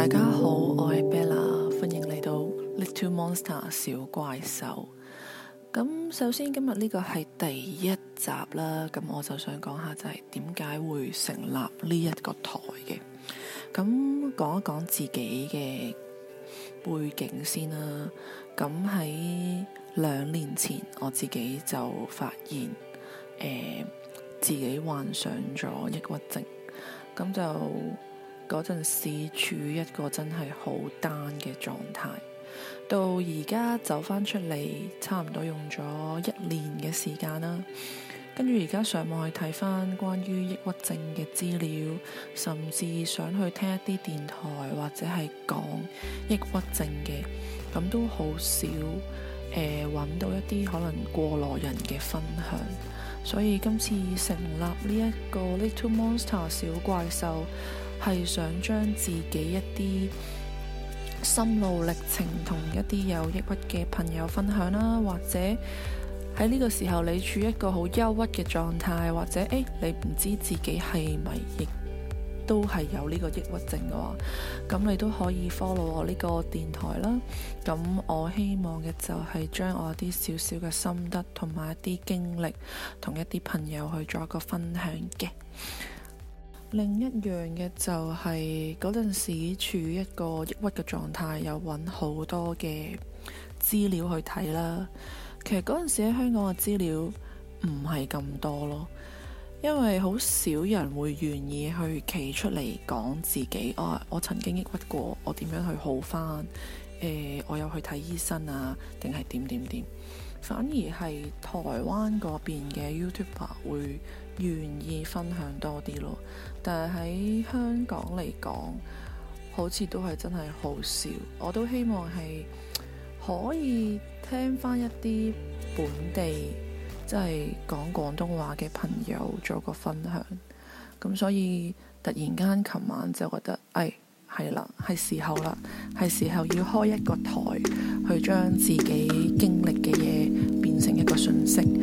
大家好，我係 Bella，歡迎嚟到 Little Monster 小怪獸。咁首先今日呢個係第一集啦，咁我就想講下就係點解會成立呢一個台嘅。咁講一講自己嘅背景先啦。咁喺兩年前我自己就發現，呃，自己患上咗抑鬱症，咁就。嗰陣時處於一個真係好單嘅狀態，到而家走返出嚟，差唔多用咗一年嘅時間啦。跟住而家上網去睇翻關於抑鬱症嘅資料，甚至想去聽一啲電台，或者係講抑鬱症嘅，咁都好少呃、揾到一啲可能過來人嘅分享。所以今次成立呢一個 Little Monster 小怪獸。係想將自己一啲心路歷程同一啲有抑鬱嘅朋友分享啦，或者喺呢個時候你處一個好憂鬱嘅狀態，或者誒、哎、你唔知自己係咪亦都係有呢個抑鬱症嘅話，咁你都可以 follow 我呢個電台啦。咁我希望嘅就係將我啲少少嘅心得同埋一啲經歷同一啲朋友去做一個分享嘅。另一樣嘅就係嗰陣時處於一個抑鬱嘅狀態，有揾好多嘅資料去睇啦。其實嗰陣時喺香港嘅資料唔係咁多咯，因為好少人會願意去企出嚟講自己，我、啊、我曾經抑鬱過，我點樣去好返？誒、呃，我有去睇醫生啊，定係點點點？反而係台灣嗰邊嘅 YouTuber 會。願意分享多啲咯，但係喺香港嚟講，好似都係真係好少。我都希望係可以聽翻一啲本地即係講廣東話嘅朋友做個分享。咁所以突然間琴晚就覺得，誒，係啦，係時候啦，係時候要開一個台去將自己經歷嘅嘢變成一個訊息。